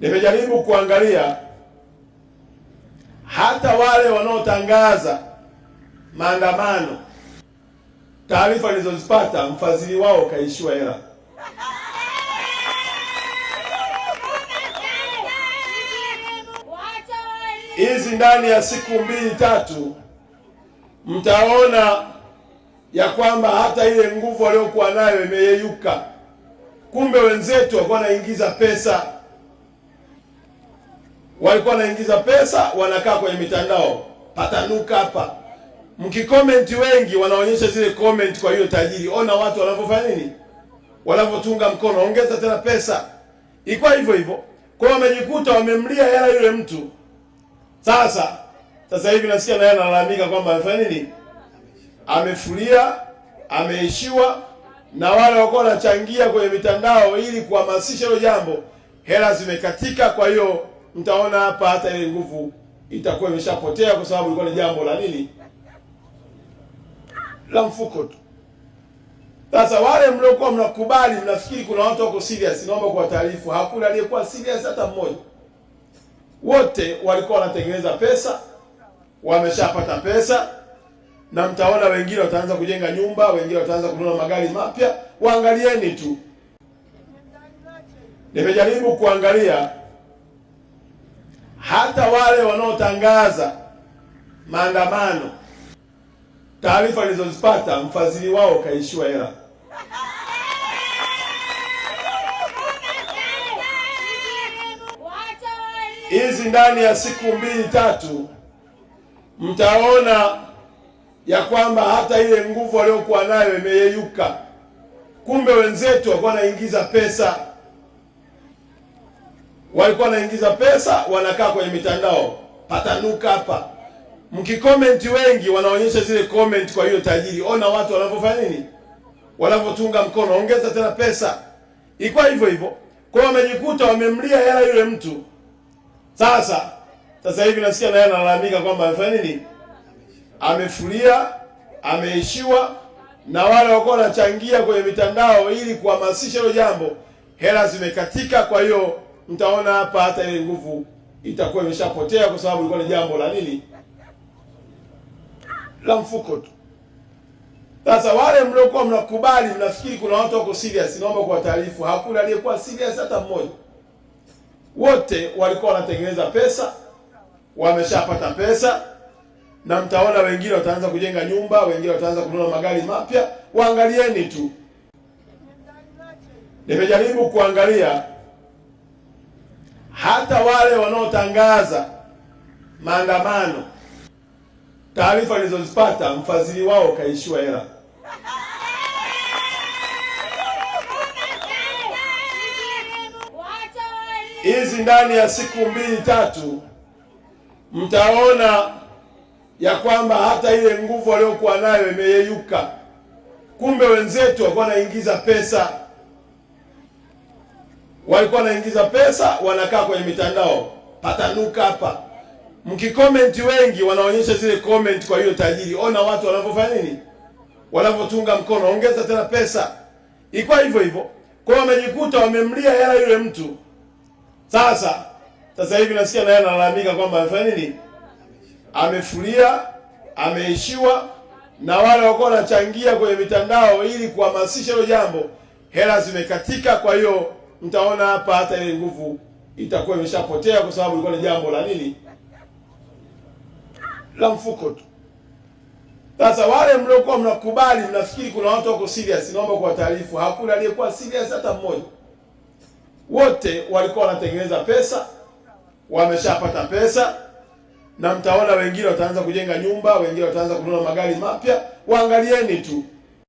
Nimejaribu kuangalia hata wale wanaotangaza maandamano, taarifa nilizozipata, mfadhili wao kaishiwa hela. Hizi ndani ya siku mbili tatu mtaona ya kwamba hata ile nguvu waliokuwa nayo imeyeyuka. Kumbe wenzetu walikuwa wanaingiza pesa walikuwa wanaingiza pesa, wanakaa kwenye mitandao patanuka hapa, mkikomenti wengi wanaonyesha zile comment. Kwa hiyo tajiri, ona watu wanavyofanya nini, wanavyotunga mkono, ongeza tena pesa. Ilikuwa hivyo hivyo, kwa hiyo wamejikuta wamemlia hela yule mtu. Sasa sasa hivi nasikia naye analalamika kwamba amefanya nini, amefulia, ameishiwa na wale walikuwa wanachangia kwenye mitandao ili kuhamasisha hilo jambo, hela zimekatika. Kwa hiyo mtaona hapa hata ile nguvu itakuwa imeshapotea kwa sababu ilikuwa ni jambo la nini, la mfuko tu. Sasa wale mliokuwa mnakubali, mnafikiri kuna watu wako serious, naomba kwa kuwataarifu, hakuna aliyekuwa serious hata mmoja. Wote walikuwa wanatengeneza pesa, wameshapata pesa, na mtaona wengine wataanza kujenga nyumba, wengine wataanza kununua magari mapya. Waangalieni tu, nimejaribu kuangalia hata wale wanaotangaza maandamano, taarifa nilizozipata, mfadhili wao kaishiwa hela. Hizi ndani ya siku mbili tatu mtaona ya kwamba hata ile nguvu waliokuwa nayo imeyeyuka. Kumbe wenzetu walikuwa wanaingiza pesa walikuwa wanaingiza pesa, wanakaa kwenye mitandao patanuka hapa, mkikomenti wengi wanaonyesha zile comment kwa hiyo tajiri. Ona watu wanavyofanya nini, wanavyotunga mkono, ongeza tena pesa. Ilikuwa hivyo hivyo kwao, wamejikuta wamemlia hela yule mtu. Sasa sasa hivi nasikia naye analalamika kwamba amefanya nini, amefulia, ameishiwa na wale walikuwa wanachangia kwenye mitandao ili kuhamasisha hilo jambo, hela zimekatika, kwa hiyo mtaona hapa hata ile nguvu itakuwa imeshapotea, kwa sababu ilikuwa ni jambo la nini, la mfuko tu. Sasa wale mliokuwa mnakubali, mnafikiri kuna watu wako serious, naomba kwa taarifu, hakuna aliyekuwa serious hata mmoja. Wote walikuwa wanatengeneza pesa, wameshapata pesa, na mtaona wengine wataanza kujenga nyumba, wengine wataanza kununua magari mapya. Waangalieni tu, nimejaribu kuangalia hata wale wanaotangaza maandamano, taarifa nilizozipata, mfadhili wao kaishiwa hela. Hizi ndani ya siku mbili tatu mtaona ya kwamba hata ile nguvu waliokuwa nayo imeyeyuka. Kumbe wenzetu walikuwa wanaingiza pesa walikuwa wanaingiza pesa, wanakaa kwenye mitandao patanuka hapa, mkikomenti wengi wanaonyesha zile comment kwa hiyo tajiri. Ona watu wanavyofanya nini, wanavyotunga mkono, ongeza tena pesa, ilikuwa hivyo hivyo. Kwa hiyo wamejikuta wamemlia hela yule mtu. Sasa sasa hivi nasikia naye analalamika kwamba amefanya nini, amefulia, ameishiwa na wale walikuwa wanachangia kwenye mitandao ili kuhamasisha hilo jambo, hela zimekatika. Kwa hiyo mtaona hapa hata ile nguvu itakuwa imeshapotea kwa sababu ilikuwa ni jambo la nini, la mfuko tu. Sasa wale mliokuwa mnakubali, mnafikiri kuna watu wako serious, naomba kwa taarifu, hakuna aliyekuwa serious hata mmoja. Wote walikuwa wanatengeneza pesa, wameshapata pesa, na mtaona wengine wataanza kujenga nyumba, wengine wataanza kununua magari mapya. Waangalieni tu.